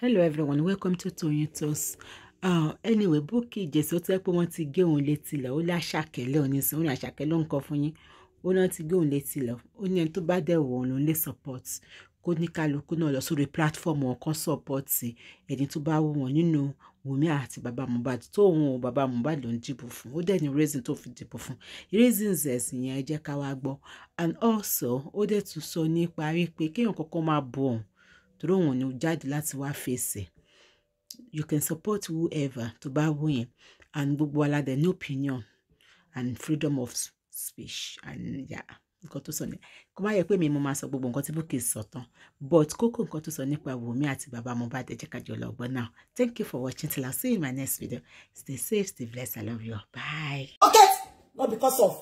hello everyone welcome to Toyeen Tos. uh, anyway Bukky Jesse ó ti rẹ́ pé wọ́n ti gé òun létí lọ ó láṣàkẹ́ lọ ní sìn ó ní àṣàkẹ́ ló ń kọ́ fún yín ó náà ti gé òun létí lọ ó ní ẹni tó bá dẹ̀ wọ̀ òun lè support kó ní kálukú náà lọ sórí platform wọn kan support ẹni tó bá wù wọ́n nínú Wùmí àti bàbá Mohbad tó òun ò bàbá Mohbad ló ń dìbò fún ó dẹ̀ ní reason tó fi dìbò fún reasons ẹ̀sìn yẹn ẹ jẹ́ ká wá gbọ́ and also ó dẹ̀ tún sọ nípa rí pé kéèyàn kọ́kọ́ máa bọ̀ òun torí òun ni ó jáde láti face, you can support whoever to bá wù yín and gbogbo aládẹ ní opinion and freedom of speech and yeah nǹkan to sọ ni kó má yẹ pé mi mo máa sọ gbogbo nǹkan tí Bukky sọ tán but kókó nǹkan tó sọ nípa Wunmi àti bàbá Mohbad ẹ jẹ́ ká jọ lọ gbọ́ now thank you for watching till I see you in my next video stay safe stay blessed I love you bye. okay not because of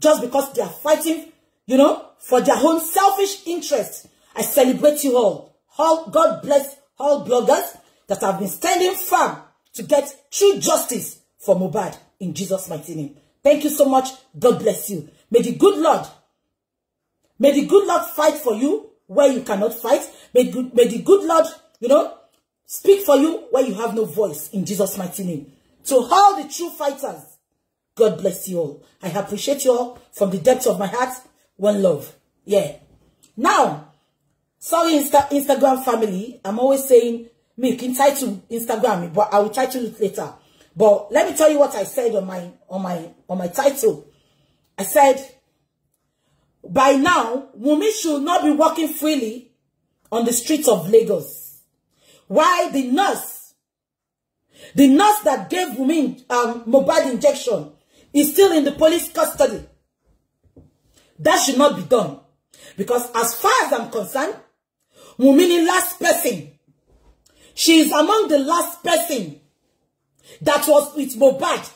just because they are fighting you know for their own selfish interest I celebrate you all. all God bless all bloggers that have been standing firm to get true justice for Mubad in Jesus' mighty name. Thank you so much. God bless you. May the good Lord, may the good Lord fight for you where you cannot fight. May, good, may the good Lord, you know, speak for you where you have no voice in Jesus' mighty name. To all the true fighters, God bless you all. I appreciate you all from the depths of my heart. One love. Yeah. Now, Sorry, Insta Instagram family. I'm always saying, me, can title Instagram, but I will title it later. But let me tell you what I said on my on my on my title. I said, by now, women should not be walking freely on the streets of Lagos. Why the nurse, the nurse that gave women um, mobile injection is still in the police custody. That should not be done. Because as far as I'm concerned, Mumini, last person. She is among the last person that was with Mobad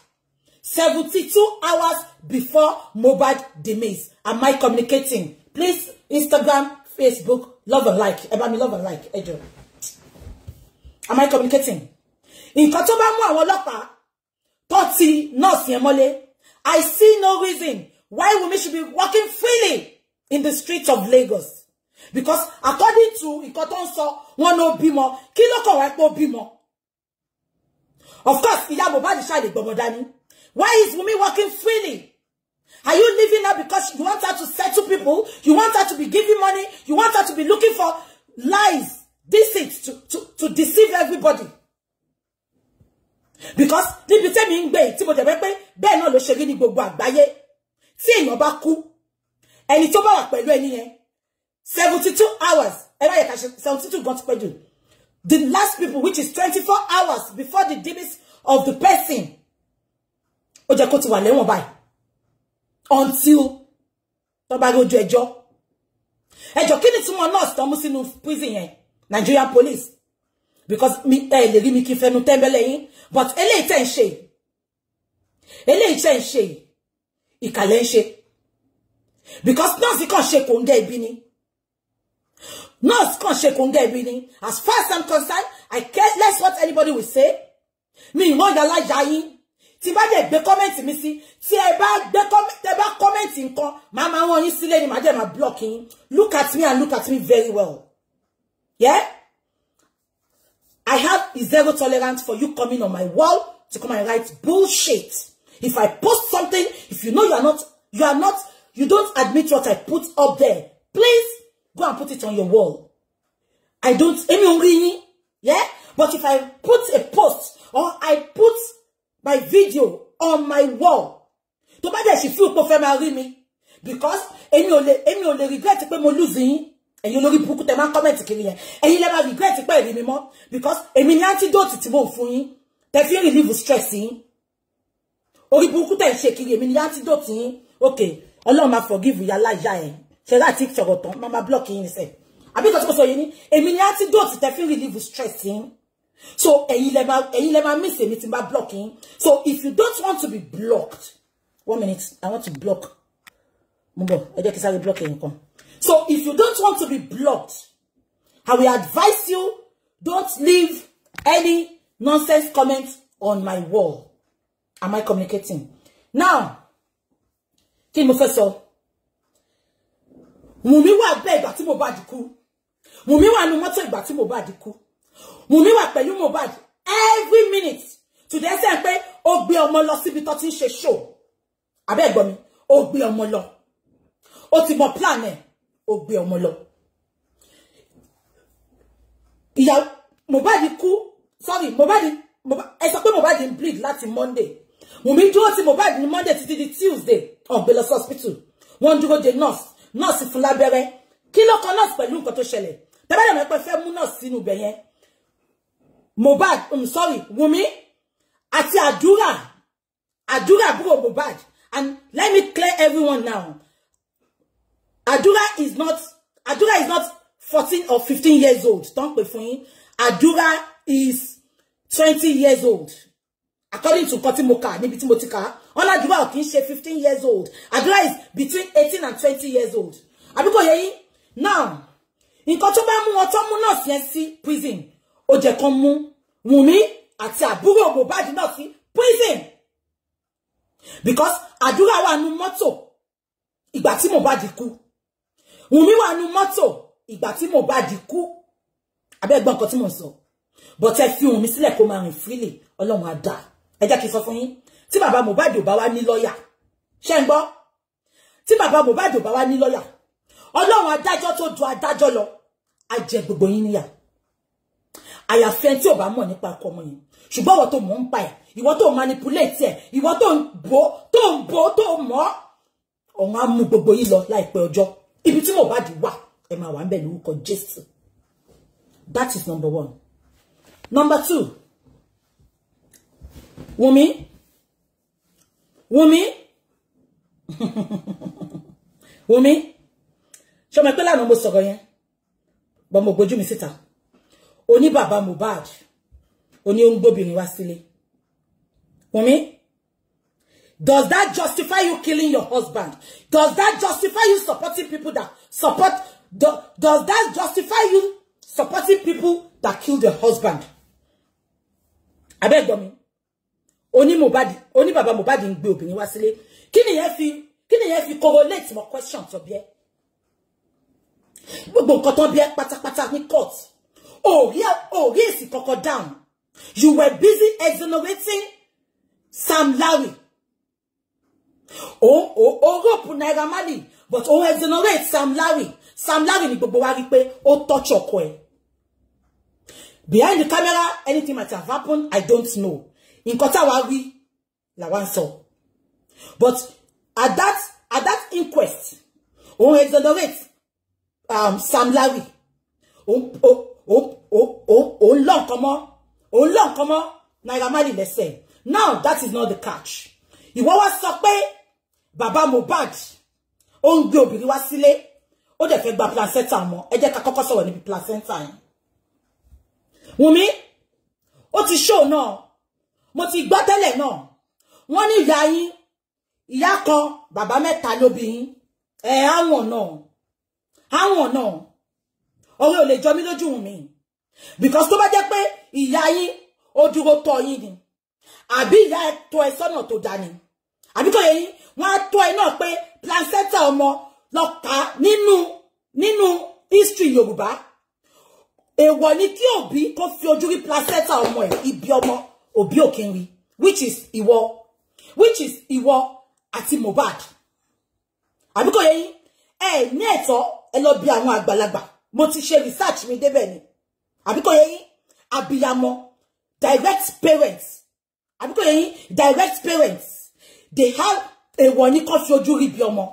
72 hours before Mobad demise. Am I communicating? Please, Instagram, Facebook, love and like. Everybody, love and like. Ẹ Am I communicating? In tó bá mú àwọn ọlọ́pàá tó mọ́lé. I see no reason why women should be walking freely in the streets of Lagos because according to nǹkan tó ń sọ wọn ló bímọ kí ló kàn of course ìyá Mohbad ṣáà lè why is Wunmi working freely Are you leaving her because you want her to settle people? You want her to be giving money? You want her to be looking for lies, deceit, to, to, to deceive everybody? Because níbi tẹ́mi ń gbé tí mo dẹ̀ pé bẹ́ẹ̀ ló ṣe ní gbogbo àgbáyé tí èèyàn bá kú ẹni toba bá wà pẹ̀lú 72 hours 72 gan ti the last people which is 24 hours before the demise of the person ó jẹ́ kó ti until tó bá rojú ẹjọ́ ẹjọ́ kí ni prison Nigerian police because mi eh, lè mi kí fẹnu yín but eléyìí tẹ́ ń ṣe eléyìí tẹ́ ń because nurse kàn ṣe kò ń gẹ́ No, kan ṣe kò ń gẹ́ ibi as far as i'm concerned i care less what anybody will say Me, ìmọ̀ ìyàlá ya yín tí bá dẹ̀ gbé kọ́mẹ̀ntì me. sí tí ẹ bá gbé kọ́mẹ̀ntì ẹ bá kọ́mẹ̀ntì nǹkan máa máa wọ́n yín sílé ni màá look at me and look at me very well yeah i have zero tolerance for you coming on my wall to come and write bullshit if i post something if you know you are not you are not you don't admit what i put up there please Go and put it on your wall. I don't, any ò yeah? But if I put a post or I put my video on my wall, tó bá dẹ̀ sì fún me because èmi ò lè èmi regret pé mo losing and you olórí burúkú tẹ máa ń comment to yẹn and you never regret pé ẹ̀rí mi mọ́ because èmi ní antidote tí mò ń fún yín tẹ fi ń relieve stress yín orí burúkú tẹ̀ ń ṣe kiri èmi ní antidote yín ok ọlọ́run forgive ìyá láyà ẹ̀ ṣe that ṣọ̀rọ̀ got mama block yín say. I ìtọ́jú kò sọ yìí ní èmi I antidote tẹ fi relieve definitely yín so stressing. So máa ẹ̀yin lẹ máa miss èmi tí n blocking. so if you don't want to be blocked one minute i want to block mo I just started blocking. so if you don't want to be blocked i will advise you don't leave any nonsense comment on my wall am i communicating now kí ni Wùmí wà bẹ́ẹ̀ ìgbà ba Mohbad kú Wùmí wà nu mọ́tò ìgbà tí Mohbad kú Wùmí wà pẹ̀lú Mohbad every minute today sẹ́ pé ó gbé ọmọ lọ síbi tó ti ń show Abe ẹ̀gbọ́n mi ó gbé ọmọ lọ ó ti mọ plan ẹ̀ ó gbé ọmọ mo ba Mohbad kú sorry Mohbad ẹ sọ pé Mohbad ń bleed láti Monday Wùmí dúró ti ba ní Monday titi di Tuesday ó gbé lọ hospital wọ́n dúró de nurse nọ́ọ̀sì fún lábẹ́rẹ́ kí ló kan nọ́ọ̀sì pẹ̀lú nǹkan tó ṣẹlẹ̀ tẹ́bẹ́ lè mọ̀ pé fẹ́ mú nọ́ọ̀sì sínú ibẹ̀ yẹn um, sorry Wumi àti àdúrà àdúrà àbúrò Mobad. and let me clear everyone now àdúrà is not àdúrà is not fourteen or fifteen years old Don't pè fún yín àdúrà is twenty years old according to nǹkan tí mo ọlájúbà ò kì í ṣe fifteen years old àdúrà is between eighteen and twenty years old àbí kò yẹ yín now nǹkan tó bá mú wọn to mú nọ́ọ̀sì yẹn sí prison ó jẹ́ kan mú wùmí àti àbúrò mohbad náà sí prison because àdúrà wà nú mọ́tò ìgbà tí mohbad kú wùmí wà nú mọ́tò ìgbà tí mohbad kú abẹ́gbọ́n nǹkan tí mo sọ bọ́tẹ́ fi wùmí sílẹ̀ kó máa rìn freely ọlọ́run á dá ẹ jẹ́ kí n sọ fún yín tí bàbá Mohbad ò bá wá ní lọ́yà ṣe ń gbọ́ tí bàbá Mohbad ò bá wá ní lọ́yà ọlọ́run adájọ́ tó ju adájọ́ lọ á jẹ gbogbo yín níyà àyàfi ẹni tí ò bá mọ̀ nípa ọkọ ọmọ yẹn ṣùgbọ́n ìwọ tó mọ̀ ń pa ẹ̀ ìwọ tó manipulate ẹ̀ ìwọ tó ń bò tó ń bò tó mọ̀ ọ̀hún á mú gbogbo yín lọ láìpẹ́ ọjọ́ ibi tí Mohbad wà ẹ máa wà ń bẹ̀ lórúkọ Jésù that is number one number two Wunmi Wumi Wumi ṣé o mọ̀ pé lánàá mo sọ̀rọ̀ yẹn bọ́ mo gbójú mi síta oní bàbá Mohbad oní ó ń gbóbìnrin wá sílé Wumi Does that justify you killing your husband? Does that justify you supporting people that support? Do, does that justify you supporting people that kill their husband? I beg you. Oni mobadi, oni baba mobadi ń gbé obìnrin wá sílé kí nìyẹn fi kí nìyẹn fi correlate mọ́ question tó bí ẹ gbogbo nǹkan tó bí ẹ pátápátá ní court ò rí èsì kankan down you were busy exonerating Sam Larry Oh oh o rope Naira mali. but oh exonerate Sam Lawi. Sam Lawi ni gbogbo wa rí pé ó touch ọkọ ẹ̀ behind the camera anything might have happened I don't know In Kota wí la ń sọ but at that at that inquest òun exonerate um, Sam oh oh oh oh mọ́ òun lọ nǹkan mọ́ Naira Marley lẹ́sẹ̀ now that is not the catch You wanna stop bàbá Mohbad ó ń gbé obìnrin wá sílé ó dẹ̀ fẹ́ gba placenta mọ́ kọ́kọ́ sọ̀rọ̀ níbi placenta Wùmí ó ti show no. mo ti gbọ́ tẹ́lẹ̀ náà wọ́n ní ìyá yín ìyá kan bàbá mẹ́ta ló bí yín ẹ̀ àwọn náà àwọn náà ọ̀rẹ́ ò lè jọ mí lójú mi because tó bá jẹ́ pé ìyá yín ó dúró tọ́ yín ni àbí ìyá ẹ tọ́ ẹ sọ́nà tó dá ni àbí kò yẹ yín wọ́n á tọ́ ẹ náà pé placenta ọmọ lọ nínú nínú history Yorùbá èèwọ̀ ni kí òbí kó fi ojú rí placenta ọmọ ẹ̀ ibi ọmọ Obi Okinwi which is ìwọ which is ìwọ àti Mohbad Abiko yé yín ẹ neto, ẹ̀tọ́ ẹ lọ bi àwọn àgbàlagbà mo ti research mi débẹ̀ ni àbí yé abiyamọ direct parents Abiko kò yé direct parents they have a ní kó fi ojú rí bí ọmọ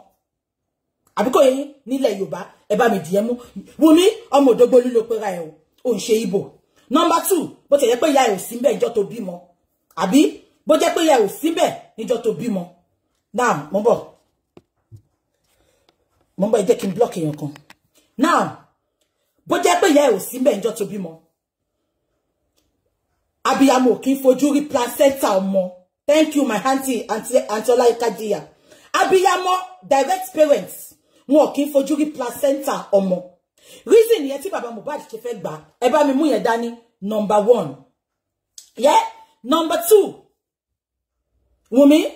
àbí yé ẹ bá mi dìé mú Wùmí ọmọ Òdògbolú ló pera ẹ o ò ń number two bó ti yẹ pé ìyá ẹ̀ ò síbẹ̀ ìjọ tó bímọ àbí bó jẹ́ pé ìyá ẹ̀ ò síbẹ̀ níjọ tó bímọ now mo bọ̀ mo bọ̀ ẹ jẹ́ kí n block èèyàn kan now bó jẹ́ pé ìyá ẹ̀ ò síbẹ̀ níjọ tó bímọ abiyamọ kì í fojú rí placenta ọmọ thank you my auntie auntie auntie Olayinka Jiyar abiyamọ direct parents wọn kì í fojú rí placenta ọmọ reason yẹn ti bàbá Mohbad ṣe fẹ́ gbà ẹ bá mi mú yẹn dání number one yẹ yeah? number two Wùmí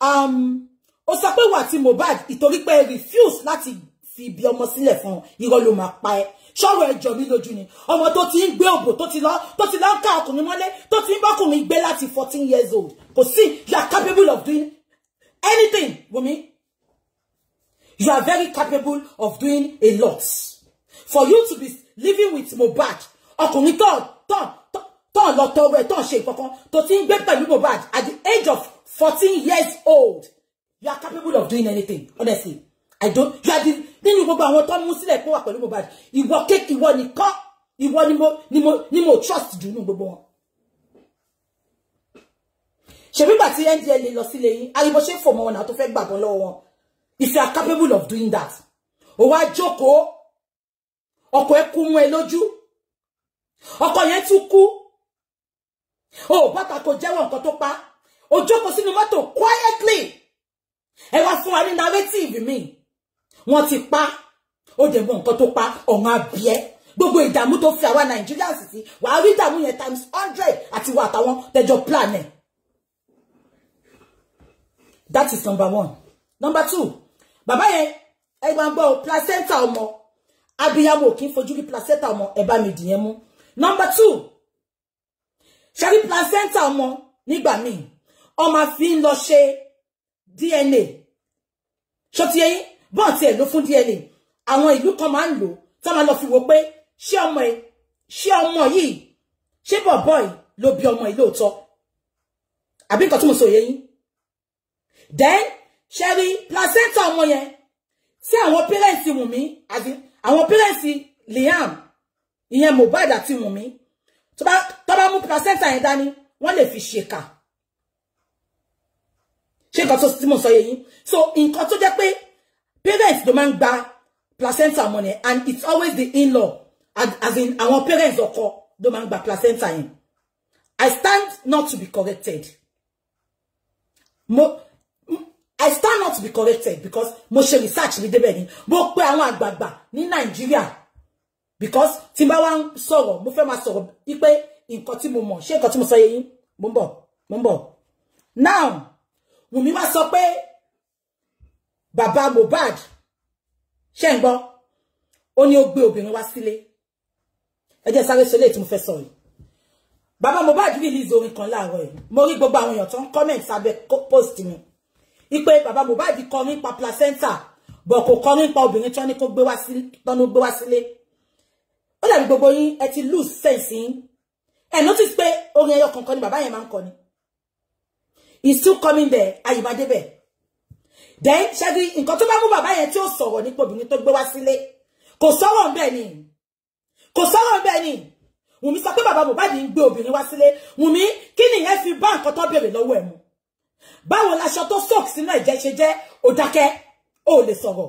um, ó sọ pé wà tí Mohbad ìtorí pé refuse láti fi ibi ọmọ sílẹ̀ fún irọ́ ló máa pa ẹ́ ṣọ́rọ̀ ẹjọ́ mi lójú ni ọmọ tó ti ń gbé òbò tó ti lọ tó ti lọ ń ká ọkùnrin mọ́lé tó ti ń bọ́kùnrin gbé láti fourteen years old kò sí you are capable of doing anything Wumi you are very capable of doing a lot. for you to be living with Mohbad ọkùnrin tán tán tán lọ tọrọ ẹ tán ṣe nǹkankan tó ti ń gbé pẹ̀lú mobad at the age of fourteen years old you are capable of doing anything honestly I don't you are the nínú gbogbo àwọn tó mú sílẹ̀ pé wà pẹ̀lú Mohbad ìwọ kéèkì ìwọ nìkan ìwọ ni mo ni mo ni mo trust do nínú gbogbo wọn. ṣèbígbà tí ndla lọ sílé yín ariwo ṣe for mọ́ wọn tó fẹ́ gbàgbọ́ lọ́wọ́ wọn if you are capable of doing that ó wá jókòó ọkọ ẹ kú mú ẹ lójú ọkọ yẹn tún kú o bàtà kò jẹ́wọ́ nǹkan tó pa o jókòó sínú mọ́tò quietly ẹ wá fún wa ní narrative mi wọ́n ti pa ó dẹ̀ mọ nǹkan tó pa ọ̀hún abíẹ́ gbogbo ìdààmú tó fi àwa nàìjíríà sì sí wàá rí ìdààmú yẹn times hundred àti wà àtàwọn tẹjọ plan ẹ̀ that is number one number two bàbá yẹn ẹ máa ń gbọ́ placenta ọmọ abiyamọ kì í fojú rí placenta ọmọ ẹ bá mi dìyẹn mú number two ṣe rí placenta ọmọ nígbà míì ọmọ fi ń lọ ṣe DNA ṣó ti yẹ yín bọ́ọ̀n tiẹ̀ ló fún DNA àwọn ìlú kan máa ń lò m'a máa lọ fi wo pé ṣé ọmọ ẹ ṣé ọmọ yìí ṣé bọ̀bọ̀ yìí ló bí ọmọ yìí lóòótọ́ àbí nǹkan tí mo sọ yẹ then ṣe rí placenta ọmọ yẹn tí àwọn parents wù mí àti àwọn pírẹ̀sì Liam mobile ìyẹn Mohbad àti Wùnmí tó bá mú placenta yẹn dání wọ́n lè fi ṣèkà ṣé nǹkan tó tí mo sọ yẹn yín so nǹkan tó jẹ́ pé parents ló máa gba placenta money, and it's always the in-law as in àwọn parents ọkọ ló máa ń gba placenta yẹn I stand not to be corrected. Mo I stand not to be corrected because mo ṣe research mi débẹ̀ ni mo pe àwọn àgbààgbà ní Nàìjíríà because tí n bá wá ń sọ̀rọ̀ mo fẹ́ máa sọ̀rọ̀ wípé nǹkan tí mo mọ̀ ṣé nǹkan tí mo sọ yẹ yín mo ń bọ̀ mo ń bọ̀ now Wùmí wá sọ pé bàbá Mohbad ṣe ń gbọ́ ó ní ó gbé obìnrin wá sílé ẹ jẹ́ sáré sọ léyìí tí mo fẹ́ sọ yìí bàbá Mohbad kan láàárọ̀ yìí mo rí gbogbo àwọn èèyàn tó comment sábẹ́ post mi ipe bàbá Mohbad kọrin pa placenta bọ̀ kò kọrin pa obìnrin tán ní kó gbé wá sílé tán ló gbé wá sílé ó dàbí gbogbo yín ẹ ti lose sense yín ẹ notice pé orin ẹyọ kankan ni bàbá yẹn máa ń kọ ni he's still coming there ayimade bẹ then ṣáájú nǹkan tó bá mú bàbá yẹn tí ó sọ̀rọ̀ nípa obìnrin tó gbé wá sílé kò sọ̀rọ̀ bẹ́ẹ̀ ni kò sọ̀rọ̀ bẹ́ẹ̀ ni Wùmí sọ pé bàbá Mohbad ń gbé obìnrin wá sílé Wùmí kí nìyẹn fi bá nǹkan tó béèrè lọ́wọ́ ẹ̀ mu báwo laṣọ tó soak sínú ẹ̀jẹ̀ ṣe jẹ́ ó dákẹ́ ó lè sọ̀rọ̀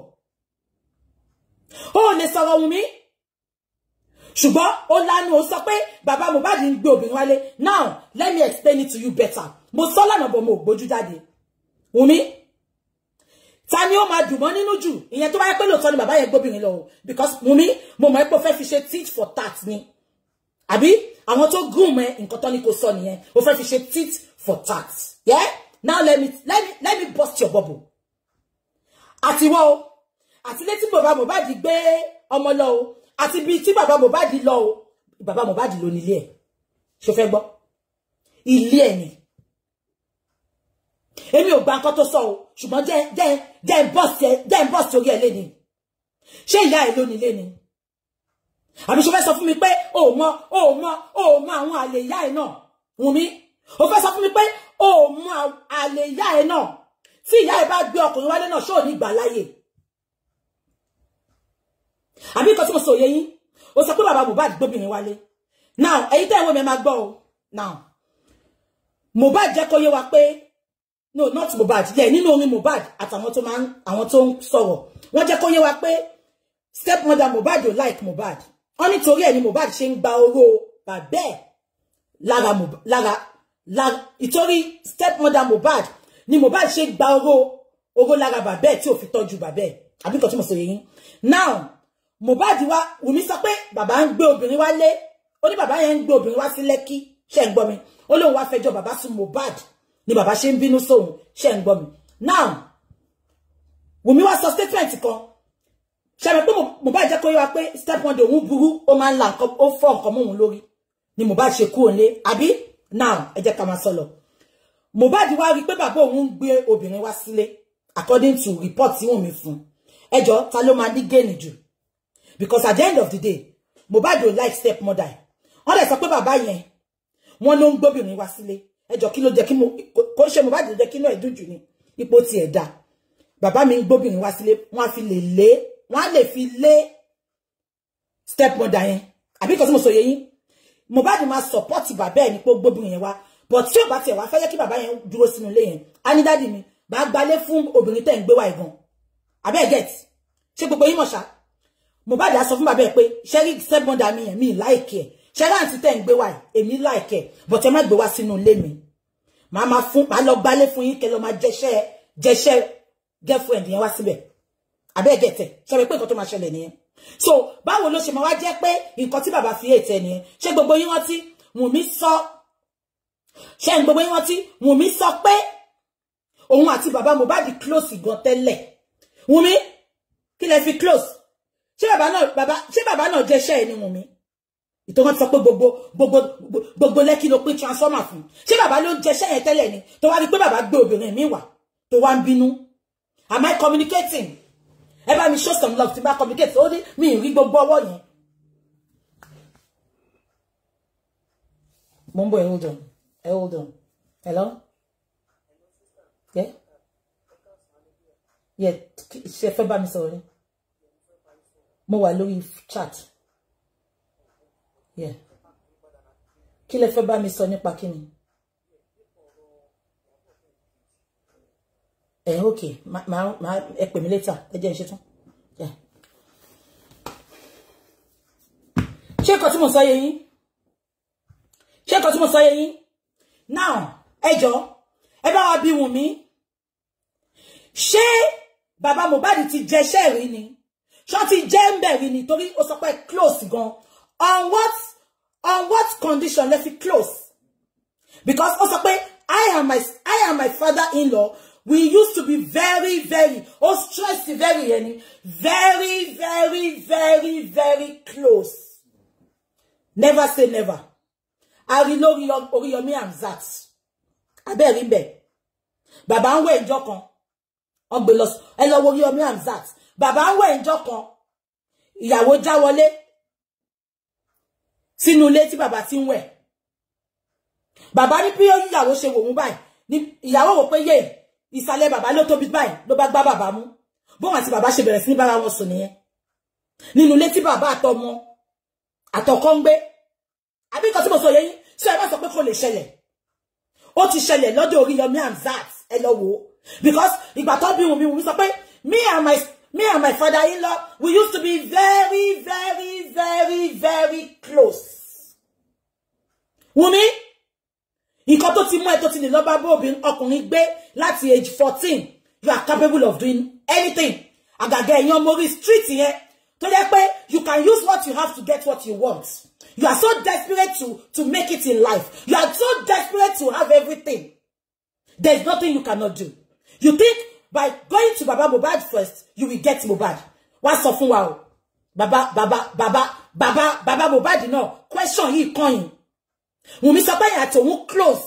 ó lè sọ̀rọ̀ Wùnmí ṣùgbọ́n ó lánàá ó sọ pé bàbá Mohbad ń gbé obìnrin wálé now let me explain it to you better mo sọ lánàá bọ̀ mo ò gbójú jáde Wùnmí ta ni ó máa dùn mọ́ nínú jù ìyẹn tó bá yẹ pé lóòótọ́ ni bàbá yẹn gbóbìnrin lọ because Wùnmí mo mọ̀ pé o fẹ́ fi ṣe teach for tax ni àbí àwọn tó gùn mọ́ nǹkan tó ní kò sọ nìyẹn o fẹ́ fi ṣe teach for tat yeah? now let me let me let me bust your bubble àtiwọ́ ati leti létí bàbá Mohbad gbé ọmọ lọ o àti bíi tí bàbá Mohbad lọ o bàbá Mohbad ló nílé ẹ̀ ṣe fẹ́ gbọ́ ilé ẹ̀ ni Emi ò gba nǹkan tó sọ o ṣùgbọ́n jẹ́ jẹ́ jẹ́ ń bọ́ọ̀sì jẹ́ ń bọ́ọ̀sì orí ẹ̀ lé ni ṣé ìyá ẹ̀ ló nílé ni àbí ṣe fẹ́ sọ fún mi pé o mọ o mọ o mọ àwọn àlè ìyá ẹ̀ náà wùn o fẹ́ sọ fún mi pé o mọ àlè ìyá ẹ náà tí ìyá ẹ bá gbé ọkùnrin wálé náà ṣóò ní ìgbà láyè àbí nǹkan tí mo sọ yé yín o sọ pé bàbá Mohbad gbóbìnrin wálé now ẹ̀yin tẹ́ ìwé me máa gbọ́ o now Mohbad jẹ́ kó yé wa pé no not Mohbad yẹ nínú orin Mohbad àtàwọn tó máa ń àwọn tó ń sọ̀rọ̀ wọ́n jẹ́ kó yé wa pé stepmother Mohbad ò like Mohbad Oni nítorí ẹ̀ ni Mohbad ṣe ń gba oró bàbẹ́ lára la itori stepmother Mohbad ni Mohbad ṣe gba owó owó lára bàbá ẹ̀ tí ò fi tọ́jú bàbá ẹ̀ àbí nǹkan mo sọ yẹn now Mohbad wa Wùmí sọ pé bàbá ń gbé obìnrin wá lé ó ní bàbá yẹn ń gbé obìnrin wá sí Lẹ́kí ṣe ń gbọ́ mi o lóun wá fẹjọ́ bàbá sùn Mohbad ni bàbá ṣe ń bínú sóhun ṣe ń gbọ́ mi now Wùmí wá sọ statement kan ṣàbẹ̀ pé Mohbad jẹ́ kó yé wa pé stepmother òun burú ó máa ń la nǹkan ó fọ́ nǹkan mọ́ òun lori, ni Mohbad ṣe kúrò lé àbí now ẹ jẹ́ ká máa sọ lọ Mohbad wá rí pé bàbá òun ń gbé obìnrin wá according to report tí wọ́n mi fun. ẹjọ́ ta ló máa ní gain jù because at the end of the day Mohbad ò like step mother wọ́n dẹ̀ sọ pé bàbá yẹn wọ́n ló ń gbóbìnrin wá sílé ẹjọ́ kí ló jẹ́ kí mo kò ṣe Mohbad ló jẹ́ kí náà ẹ̀dùn jù ní ipò tiẹ̀ dáa bàbá mi ń gbóbìnrin wá sílé wọ́n fi lè lé wọ́n á fi lé step mother yẹn àbí kò sí mo sọ yẹ Mohbad máa support bàbá ẹ̀ ní pé gbóbìnrin yẹn wá but tí ò bá tiẹ̀ wá fẹ́ yẹ kí bàbá yẹn dúró sínú ilé yẹn á ní dáàdì mi bá gbalé fún obìnrin tẹ̀ ń gbé wá ìgan abẹ́ get ṣé gbogbo yín mọ̀ ṣá Mohbad á sọ fún bàbá ẹ̀ pé ṣẹ́rí sẹ́gbọ́ndà mi yẹn mi láìkẹ́ ṣẹ́rí àǹtí tẹ̀ ń gbé wá èmi láìkẹ́ but ẹ má gbé wá sínú ilé mi màá máa fún màá lọ gbalé fún yín kẹ́ lọ máa jẹṣẹ́ jẹṣẹ́ girlfriend yẹn wá síbẹ̀ abẹ́ get ẹ̀ ṣẹ́ pé nǹkan tó máa ṣẹlẹ̀ nìyẹn so báwo ló ṣe máa wá jẹ́ pé nǹkan tí bàbá fi ètè nìyẹn ṣé gbogbo yín rántí Wùnmí sọ ṣé gbogbo yín rántí Wùnmí sọ pé òun àti bàbá Mohbad close gan tẹ́lẹ̀ Wùnmí kí lẹ fi close ṣé bàbá náà bàbá ṣé bàbá náà jẹ́ iṣẹ́ ẹni Wùnmí ìtò wọn ti sọ pé gbogbo gbogbo gbogbo lẹ́kí ló pín transformer fún ṣé bàbá ló jẹ́ iṣẹ́ yẹn tẹ́lẹ̀ ni tó wá rí pé bàbá gbé obìnrin mi wà tó wá ń bínú am I communicating? ẹ bá mi show some love tí bá complicate ó ní mi ì rí gbogbo ọwọ́ yẹn. mo hold on ẹ hold on hello. Yeah? Yeah, She fẹ́ bá mi sọ̀rọ̀ ni mo wa lórí chat yeah. kí lẹ fẹ́ bá mi sọ nípa kí ni. ẹ ok ma ma. ẹ pè mí létà ẹ jẹ́ ń ṣe tán. ṣé nǹkan tí mo sọ yé yín ṣé nǹkan tí Yin. sọ yé yín now ẹ jọ ẹ bá wa bí Wùnmí ṣé bàbá Mohbad ti jẹṣẹ́ rí ni ṣọ́ ti jẹ́ ń bẹ̀ ni torí ó sọ pé close gan on what on what condition Let fi close because ó sọ pé I am my I am my father-in-law We used to be very, very, oh, stressy, very, any, very, very, very, very close. Never say never. I know Oriyomi Amzat. Abẹ́ rí bẹ́ẹ̀. Bàbá ń wẹ̀ ìjọ kan. I'm sí ẹ lọ wo Oriyomi Amzat. Bàbá ń wẹ̀ ìjọ kan. Ìyàwó já wọlé. Sínú ilé tí bàbá ti ń wẹ̀. Bàbá ní bí ìyàwó ṣe wò mú báyìí. Ìyàwó wò pé yéè ìsàlẹ̀ bàbá ló tóbi báyìí ló bá gbá bàbá mú bóun àti bàbá ṣe bẹ̀rẹ̀ sí ní bára wọn sùn nìyẹn nínú ilé tí bàbá àtọmọ àtọkọ ń gbé àbí nǹkan tí mo yín sọ kò lè ṣẹlẹ̀ ó ti baba atomo atoko abi nnkan ti mo lọ́dọ̀ Oríyọmí ẹ lọ wò because ìgbà tó bí wùmí wùmí sọ pé me and my me and my father in law we used to be very very very very close Woman nǹkan tó ti mú ẹ tó ti lè lọ bá bó obìnrin ọkùnrin gbé láti age fourteen you are capable of doing anything àgàgà ẹ̀yin ọmọ orí street yẹn tó jẹ́ pé you can use what you have to get what you want you are so desperate to to make it in life you are so desperate to have everything there is nothing you cannot do you think by going to baba Mohbad first you will get Mohbad What's sọ fún baba baba baba baba baba Mohbad No question yìí coin. Wùnmí sọ pé yẹn àti òun close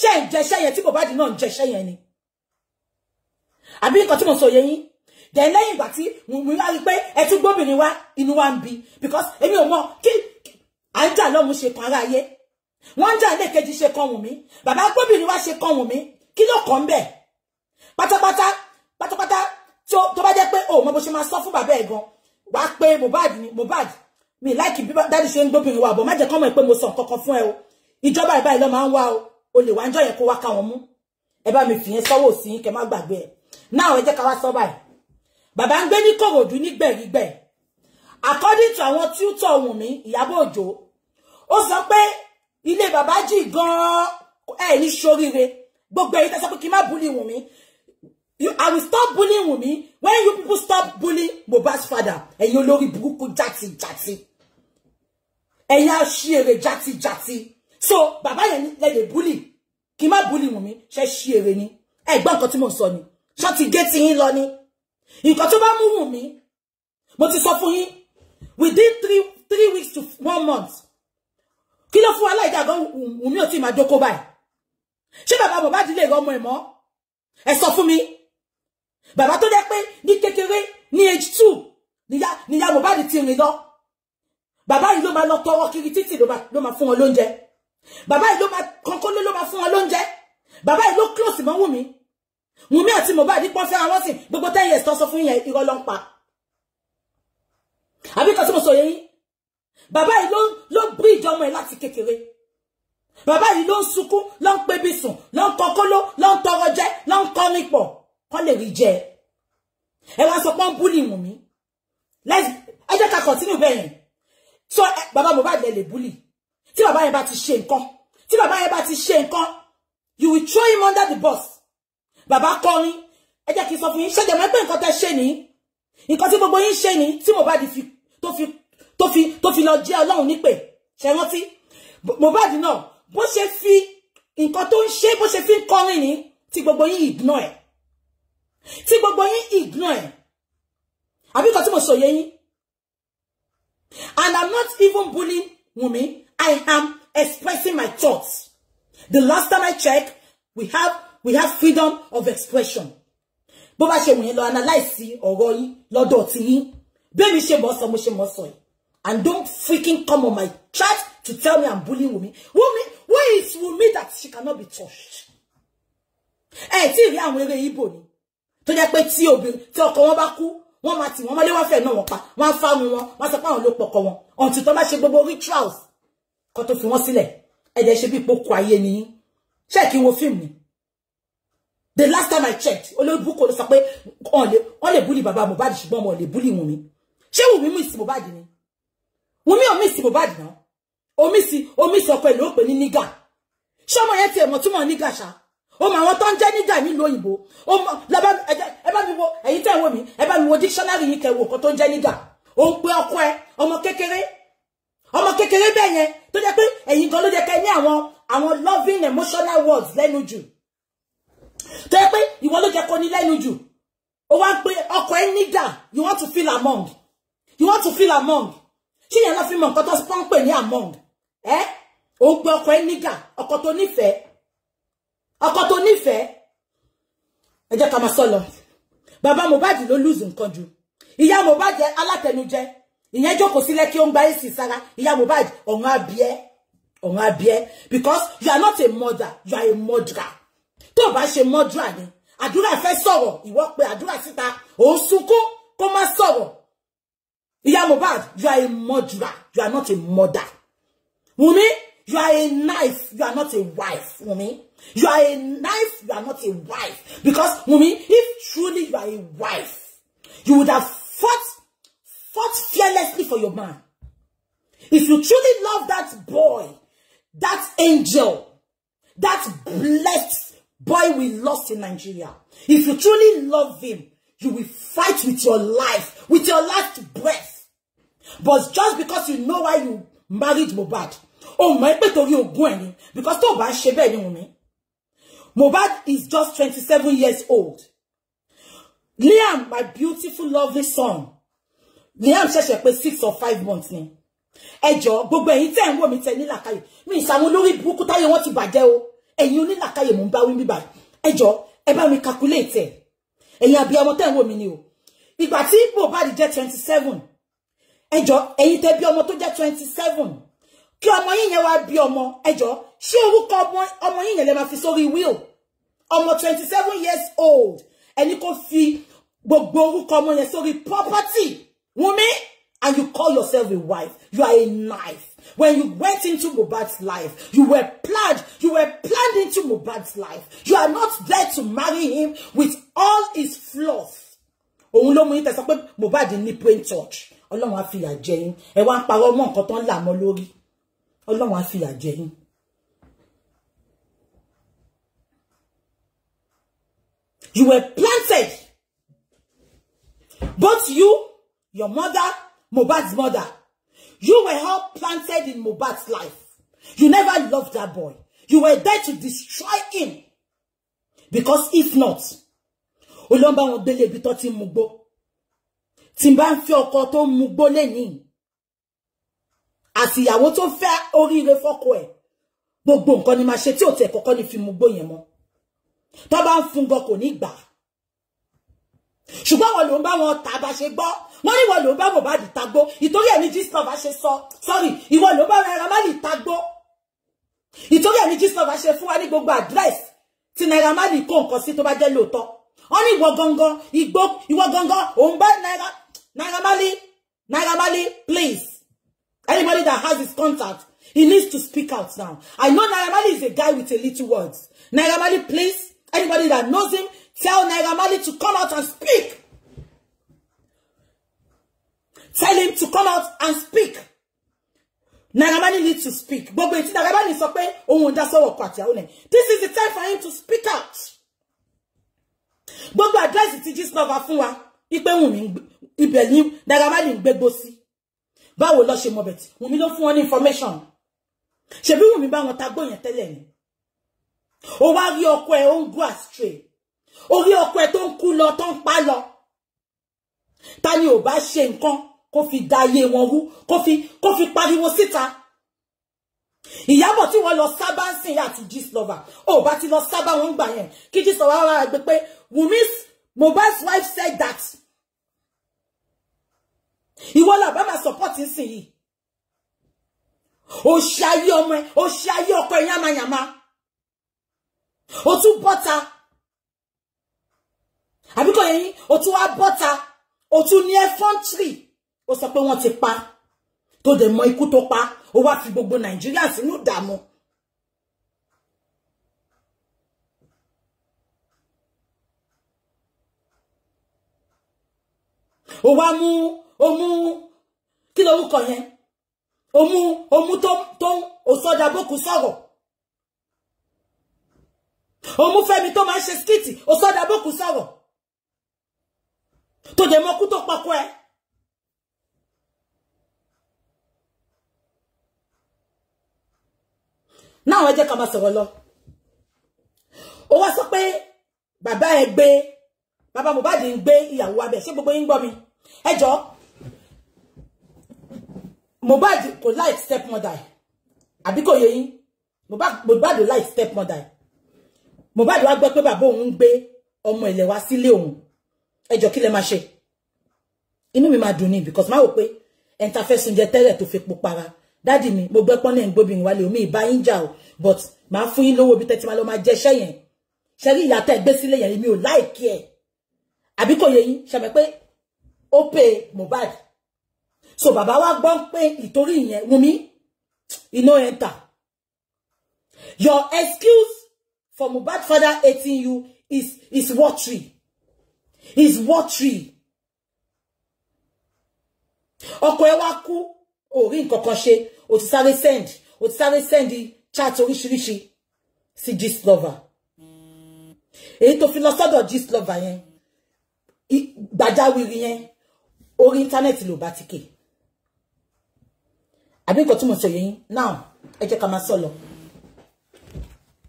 ṣé ń jẹṣẹ́ yẹn tí bàbá àdì náà ń jẹṣẹ́ yẹn ni àbí nǹkan tí mo sọ yẹ yín dẹ̀ lẹ́yìn ìgbà tí Wùnmí wá rí pé ẹ tún gbóbìnrin wá inú wa ń bi because èmi ò mọ kí à ń jà lọ́mú ṣe kan aráyé wọ́n ń jà ilé kejì ṣe kan Wùnmí bàbá gbóbìnrin wá ṣe kan Wùnmí kí ló kàn ń bẹ̀ pátápátá pátápátá tó bá jẹ́ pé o mọ bó ṣe máa sọ fún bàbá ẹ̀ gan wàá pé Mohbad ni Mohbad mi láìkì bí dáàdì ṣe ń gbóbìnrin wa bọ̀ má jẹ́ kọ́mọ̀ pé mo sọ nǹkan kan fún ẹ o ìjọba ìbá ìlọ máa ń wá o o lè wá ń jọ yẹn kó wá káwọn mú ẹ bá mi fìyẹn sọwọ sí kẹ má gbàgbé ẹ náà ẹ jẹ́ ká wá sọ báyìí bàbá ń gbé ní Kòròdú nígbẹ̀rígbẹ̀ according to àwọn tutor Wùnmí Ìyábọ̀ Òjó ó sọ pé ilé bàbá jì gan ẹ ní ṣoríire gbogbo èyí tẹ́ sọ pé kí n má bully Wùnmí You, I will stop bullying Wunmi when you people stop bullying Mohbad's father. Ẹ̀yin olórí burúkú játijàti. Ẹ̀yin aṣiwèrè játijàti so Baba, yẹn lẹ́dẹ̀ búlì kí má búlì wù mí ṣe ṣí èrè ni ẹ̀gbọ́n nǹkan tí mo sọ ni ṣọ́ọ̀tì géètì yín lọ ni nǹkan tó bá mú wù mí mo ti sọ fún yín within three three weeks to one month kí ló fún wa láì dàgbọ́n wù mí ò tí ì máa dókó báyìí ṣé bàbá bàbá ìdílé rẹ ọmọ ẹ̀ mọ́ ẹ sọ fún mi bàbá to jẹ́ pé ní kékeré ní age two níyà Mohbad ti rìn lọ bàbá yìí ló máa lọ tọwọ́ kiri títì ló máa fún wọn lóúnjẹ. bàbá yìí ló máa kankan ló ló máa fún wọn lóúnjẹ bàbá yìí ló close mọ́ Wùmí Wùmí àti Mohbad pọ́n fẹ́ àwọn sìn gbogbo ten years tó sọ fún yẹn irọ́ ló ń pa àbí kan tí mo sọ yẹn yín bàbá yìí ló ló bridge ọmọ ẹ̀ láti kékeré bàbá yìí ló ń sunkún ló ń pebi sùn ló ń kọkóló ló ń tọrọ jẹ ló ń kọrin pọ̀ kọ́ lè rí jẹ ẹ wá sọ pé ń búlì Wùmí ẹ jẹ́ ká continue bẹ́ẹ̀ yẹn so bàbá Mohbad lè lè po ko le ri je e wa so pe n buli Let's. je ka continue bee yen so baba mohbad le le bully. tí Baba yẹn bá ti ṣe nǹkan tí Baba yẹn bá ti ṣe nǹkan you will throw him under the bus Baba kọ́ ni ẹ jẹ́ kí n sọ fún yín ṣẹ́jẹ̀ mọ́ pé nǹkan tẹ́ ṣe ní nǹkan tí gbogbo yín ṣe ní tí Mohbad fi tó fi tó fi tó fi lọ jẹ́ Ọlọ́run nípè ṣe rántí Mohbad náà bó ṣe fi nǹkan tó ń ṣe bó ṣe fi ń kọrin ní gbogbo yín ignore ẹ̀ gbogbo yín ignore ẹ̀ àbí nǹkan mo sọ yé and I'm not even bullying Wunmi I am expressing my thoughts. The last time I checked, we have we have freedom of expression. Bó she ṣe lọ analyze ọ̀rọ̀ lo lọ́dọ̀ baby she Bẹ́ẹ̀ mi ṣe mọ̀ sọ mo ṣe And don't freaking come on my chat to tell me I'm bullying Wumi. Wumi, where is Wumi that she cannot be touched? Ẹ tí rí àwọn eré Igbo ni. Tó jẹ́ pé tí obi tí ọkọ wọn bá kú, wọ́n máa tì wọ́n mọ́lé wọ́n fẹ̀ náà wọ́n pa. Wọ́n á fáwọn wọn, wọ́n sọ pé àwọn ló pọkọ wọn. Ọ̀tún tó bá she gbogbo rituals kó tó fi wọ́n sílẹ̀ ẹ dẹ̀ ṣe bí ìpokò ayé ni ṣẹ́ẹ̀kì wo film ni the last time I checked olóòbù kò ló sọ pé on lè bully, bàbá Mohbad ṣùgbọ́n wọn ò lè búlì Wùnmí ṣé Wùnmí mú ìsìn Mohbad ni Wùnmí ò mí ìsìn Mohbad náà omi sí omi sọ pẹ̀lú òpè ní nígà ṣé ọmọ yẹn ti ẹ̀mọ́ túmọ̀ nígà ṣáá o mọ àwọn tó ń jẹ́ nígbà nílùú òyìnbó o mọ lábá ẹ bá mi wo ẹ̀yin tẹ́ wò mí ẹ bá mi wo dictionary yìí kẹ́ wò kó tó jẹ́ nígbà o ń pe ọkọ ẹ ọmọ kékeré ọmọ kékeré bẹ́ẹ̀ yẹn tó jẹ́ pé ẹ̀yin gan ló jẹ́ kẹ́ ní àwọn àwọn loving emotional words lẹ́nu jù tó jẹ́ pé ìwọ ló jẹ́ kó ní lẹ́nu jù ó wá pé ọkọ ẹ nídà you want to feel among you want to feel among ṣé yẹn lọ fi mọ nǹkan tó ń pè ní among ẹ ò ń pe ọkọ ẹ nídà ọkọ tó nífẹ̀ẹ́ ọkọ tó nífẹ̀ẹ́ ẹ jẹ́ ká máa sọ lọ bàbá Mohbad ló lùzù nǹkan jù ìyá Mohbad alátẹnujẹ ìyẹn jókòó sílẹ̀ kí ó ń gba èsì sára ìyá Mohbad ọ̀run abíẹ́ ọ̀run abíẹ́ because you are not a mother you are a murderer tó o bá ṣe murderer ni àdúrà fẹ́ sọ̀rọ̀ ìwọ pé àdúrà síta ò ń sunkún kó má sọ̀rọ̀ ìyá Mohbad you are a murderer you are not a mother Wunmi you are a knife you are not a wife Wunmi you are a knife you are not a wife because Wunmi if truly you are a wife you would have fought Fought fearlessly for your man. If you truly love that boy, that angel, that blessed boy we lost in Nigeria, if you truly love him, you will fight with your life, with your last breath. But just because you know why you married Mobat, oh my, you go any because tó bá ṣe bẹ́ẹ̀ ni is just 27 years old. Liam, my beautiful, lovely son, Liam ṣẹ̀ṣẹ̀ pé six or five months ni ẹjọ́ gbogbo ẹ̀yin tẹ́ ń wò mí tẹ́ nílàkàyè mi ìsàwọn olórí burúkú táyé wọn ti bàjẹ́ o ẹ̀yin onílàkàyè mò ń bá wí bíbà ẹjọ́ ẹ bá mi calculate ẹ̀ ẹ̀yin abiyamọ tẹ́ ń wò mí ni o ìgbà tí Mohbad jẹ́ twenty seven ẹjọ́ ẹ̀yin tẹ́ bí ọmọ tó jẹ́ twenty seven kí ọmọ yín yẹn wá bí ọmọ ẹjọ́ ṣé orúkọ ọmọ yín yẹn lè máa fi sórí will ọmọ twenty seven years old ẹni kò fi gbogbo orúkọ ọmọ yẹn sórí property. Woman, and you call yourself a wife. You are a knife. When you went into Mubad's life, you were planned. You were planned into Mubad's life. You are not there to marry him with all his flaws. Oh no, mú yín tẹ̀sán pé Mohbad in praying church. Oh no, I feel yín. Ẹ wá ń parọ́ mọ́ nǹkan tó ń là mọ́ lórí. Ọlọ́run á fìyà You were planted. Both you your mother, Mobat's mother. You were all planted in Mobat's life. You never loved that boy. You were there to destroy him. Because if not, olomba not be able tó ti mugbó. Tí n fẹ́ ọkọ tó mugbó lẹ́yìn. Àti ìyàwó tó fẹ́ ori fọ́kọ ẹ̀. Gbogbo koni ni máa ò tẹ̀ kọ́kọ́ ní fi mugbó yẹn mọ́. Tó bá ń ṣùgbọ́n wọn ló ń bá wọn ta bá ṣe gbọ́ wọ́n ní wọn ló ń bá Mohbad tagbó ìtorí ẹ̀ ní gistov bá ṣe sọ sorry ìwọ ló ń bá Naira tagbó ìtorí ẹ̀ ní bá ṣe fún wa ní gbogbo address tí Naira Marley kó nǹkan sí tó bá jẹ́ lóòótọ́ wọ́n ní ìwọ gangan igbó ìwọ gangan òun bá Naira Naira Naira please anybody that has his contact he needs to speak out now I know Naira Marley is a guy with a little words Naira Marley please anybody that knows him Tell Naira Marley to come out and speak. Tell him to come out and speak. Naira Marley needs to speak. Gbogbo etí Naira Marley sọ pé òun dá sọ́wọ́ ọkọ àti àwọn This is the time for him to speak out. Gbogbo àdírẹ́sì tí jíṣ lọ́ba fún wa. Ipe Wùnmí ibẹ̀ ni Naira Marley ń gbégbó sí. Báwo lọ ṣe mọ̀bẹ̀tì? Wùnmí ló fún wọn ní information. Ṣèbí Wùnmí bá wọn tagbó yẹn tẹ́lẹ̀ ni. Ó wá rí ọkọ ẹ̀ ó ń astray. orí ọkọ ẹ tó ń kú lọ tó ń pa lọ ta ni ò bá ṣe nǹkan kó fi da wọn rú kó fi kó fi pariwo síta ìyábọ̀ tí wọ́n lọ sábà ń sìn àti Gistlover ò bá ti lọ sábà wọn gbà yẹn kí Gistlover wà gbé pé Wunmi's Mohbad's wife said that ìwọ làbá máa support nsìn yìí o ṣe ayé ọmọ ẹ o ṣe ayé ọkọ ẹ yàmàyàmà o tún bọ́ta àbí kò yé yín o tún wá bọ́ta o tún ní ẹfọ́ntì o sọ pé wọ́n ti pa tó dẹ̀ mọ ikú tó pa o wá fi gbogbo nàìjíríà sínú ìdààmú. o wá mú o mú kí lorúkọ yẹn o mú o mú tó tó o sọdá bókú sọ̀rọ̀ o mú Fẹ́mi tó máa ṣe skiti o sọdá bókú sọ̀rọ̀ tó jẹ mọ́kú tó Na ẹ. náà ẹ jẹ́ ká máa sọ̀rọ̀ lọ ó wá sọ pé bàbá ẹ gbé bàbá Mohbad ń gbé ìyàwó abẹ ṣé gbogbo yín gbọ́ mi ẹ jọ Mohbad kò láì step mother àbí kò yé yín Mohbad ò láì step mother Mohbad wá gbọ́ pé bàbá òun ń gbé ọmọ ilẹ̀ wá sílé òun ẹjọ kí lẹ máa ṣe inú mi máa dùn ní because máa wò pé ẹnta fẹ́ sunjẹ tẹ́lẹ̀ tó fi pupara dáàdì mi mo gbẹ́ pọ́n lẹ́yìn gbóbìnrin wálé omi ìbá yín o but máa fún yín lówó bí tẹ́tí máa lọ máa jẹ iṣẹ́ yẹn ṣẹ́rí ìyá tẹ́ gbé sílẹ̀ yẹn mi ò láìkí ẹ̀ àbí kò yẹ yín ṣàmẹ́ pé ó pè Mohbad so bàbá wa gbọ́ pé ìtorí ìyẹn Wunmi you no enter your excuse for mobile father hating you is is watery is watery. Ọkọ ẹ waku kú, ò rí nǹkan ti sáré send, O ti sáré send chat oríṣiríṣi sí gist lover. Èyí tó fi lọ sọ́dọ̀ gist lover yẹn, gbàjáwìrì yẹn, orí íńtánẹ́ẹ̀tì ló bá ti kè. Àbí nǹkan tí mo sọ yẹn, now ẹ jẹ́ ká máa sọ lọ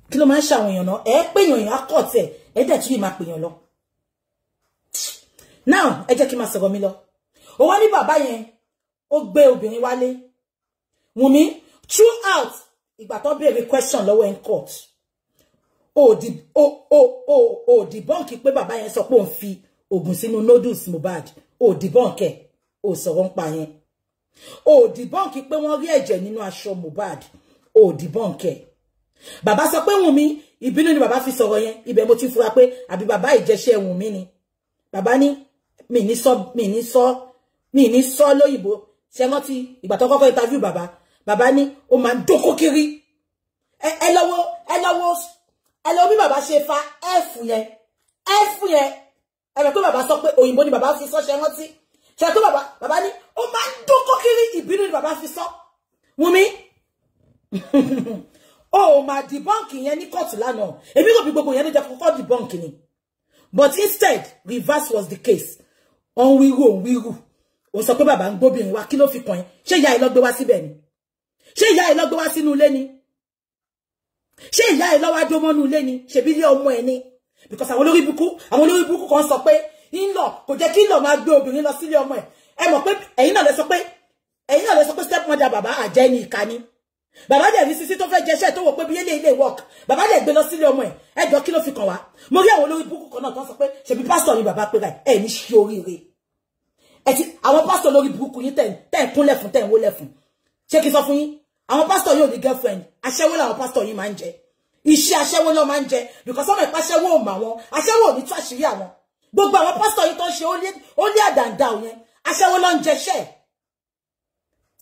kí ló máa ń ṣàwọn èèyàn náà ẹ pèèyàn èèyàn akọ tẹ ẹ dẹ tún yìí máa pèèyàn lọ now ẹ jẹ́ kí máa sọ̀rọ̀ mi lọ ó wá ní bàbá yẹn ó gbé obìnrin wálé Wùnmí throughout ìgbà be a question lọ́wọ́ in court ó di ó ó ó ó di bọ́ǹkì pé bàbá yẹn sọ pé òun fi oògùn sínú noodles Mohbad ó di bọ́ǹkì ẹ̀ ó sọ̀rọ̀ ń pa yẹn ó di bọ́ǹkì pé wọ́n rí ẹ̀jẹ̀ nínú aṣọ Mohbad ó di bọ́ǹkì ẹ̀ bàbá sọ pé Wùnmí ìbínú ni Baba fi sọ̀rọ̀ yẹn ibẹ̀ mo ti fura pé Baba bàbá ìjẹṣẹ́ Wùnmí ni Baba ní mi ní sọ mi ní sọ mi ní sọ lóyìnbó ṣe rántí ìgbà tó kọ́kọ́ interview baba. Baba ni o máa ń dókó kiri ẹ lọ́wọ́ ẹ lọ́wọ́ ẹ lọ́wọ́ bí bàbá ṣe fa f yẹn f yẹn ẹ mọ̀ pé bàbá sọ pé òyìnbó ni bàbá fi sọ ṣe rántí ṣe pé bàbá bàbá ní ó máa ń kiri ìbínú ni bàbá fi sọ Wùmí o ma debunk yẹn ní court lánàá èmi kò bí gbogbo yẹn ló jẹ́ kọ́kọ́ debunk ni but instead reverse was the case òun wíwò òun wíwù òun sọ pé bàbá ń gbóbìnrin wa kí fi kàn yín ṣé ìyá ẹ lọ gbé wá ni ṣé ìyá ẹ lọ gbé wá sínú ilé ni ṣé ìyá ẹ lọ wá dó mọ́nú ilé ni ṣèbí ilé ọmọ ẹ ni because àwọn olórí burúkú àwọn olórí burúkú kan sọ pé ńlọ kò jẹ́ kí ńlọ máa gbé obìnrin lọ sílé ọmọ ẹ ẹ mọ̀ pé ẹ̀yin náà lè sọ pé ẹ̀yin náà lè sọ pé step mother bàbá àjẹ́ ni bàbá dẹ̀ rí sisi tó fẹ́ jẹṣẹ́ tó wò pé bí ilé ilé work bàbá dẹ̀ gbé lọ sílé ọmọ ẹ̀ ẹjọ́ kí ló fi kàn wá mo rí àwọn olórí búkú kan náà tó sọ pé ṣèbí pásítọ̀ ni bàbá pé báyìí ẹ̀ ní ṣe oríire ẹ̀ ti àwọn pásítọ̀ lórí búkú yín tẹ̀ tẹ̀ kúnlẹ̀ fún tẹ̀ ń wólẹ̀ fún ṣé kí n sọ fún yín àwọn pásítọ̀ yóò ní girlfriend aṣẹ́wó làwọn pásítọ̀ yìí máa ń jẹ iṣẹ́ aṣẹ́wó ló máa ń jẹ because ọmọ ìpàṣẹwó ò mà wọn aṣẹ́wó ò ní tú àṣírí àwọn gbogbo àwọn pásítọ̀ yìí tó ń ṣe ó lé àdàndà yẹn aṣẹ́wó ló ń jẹṣẹ́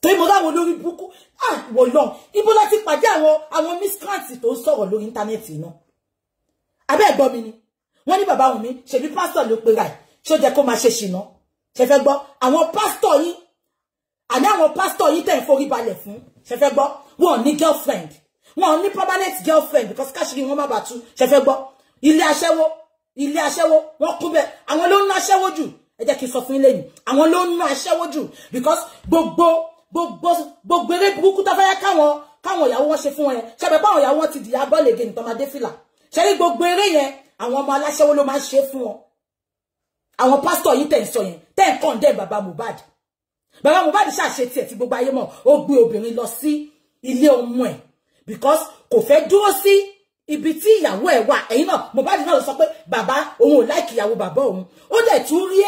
torí mo láwọn olórí burúkú àwọ̀ ah, lọ ibo láti pàdé àwọn àwọn miscreants tó ń sọ̀rọ̀ lórí íńtánẹ́ẹ̀tì náà abẹ́ ẹ̀gbọ́n mi ni wọ́n ní bàbá wọn mi ṣèbí pásítọ̀ ló pera ẹ̀ ṣó jẹ́ kó máa ṣe ṣìnà ṣe fẹ́ gbọ́ àwọn pásítọ̀ yín àní àwọn pásítọ̀ yín tẹ̀ ń forí balẹ̀ fún ṣe fẹ́ gbọ́ wọn ní girlfriend wọn ní permanent girlfriend because káṣírí wọn má bàa tú ṣe fẹ́ gbọ́ ilé aṣẹ́wó ilé aṣẹ́wó wọ́n kú bẹ́ẹ̀ àwọn ló ń ná aṣẹ́wó jù ẹ jẹ́ kí n sọ fún yín lẹ́yìn àwọn ló ń ná aṣẹ́wó jù because gbogbo gbogbo eré burúkú tó fẹ́yẹ́ káwọn káwọn ìyàwó wọn ṣe fún wọn yẹn báwọn ìyàwó wọn ti dìyà bọ́ọ̀lù èdè nìkan máa dé fìlà ṣe rí gbogbo eré yẹn àwọn ọmọ aláṣẹ́wó ló máa ń ṣe fún wọn àwọn pásítọ̀ yìí tẹ̀ ń sọ yẹn tẹ̀ ń kàn dé bàbá Mohbad bàbá Mohbad ṣàṣe tiẹ̀ tí gbogbo ayé mọ̀ ó gbé obìnrin lọ sí ilé ọmọ ẹ̀ because kò fẹ́ dúró sí ibi tí ìyàwó ẹ̀ wà ẹ̀yin náà Mohbad náà sọ pé bàbá òun ò láìkì ìyàwó bàbá òun ó dẹ̀ tún rí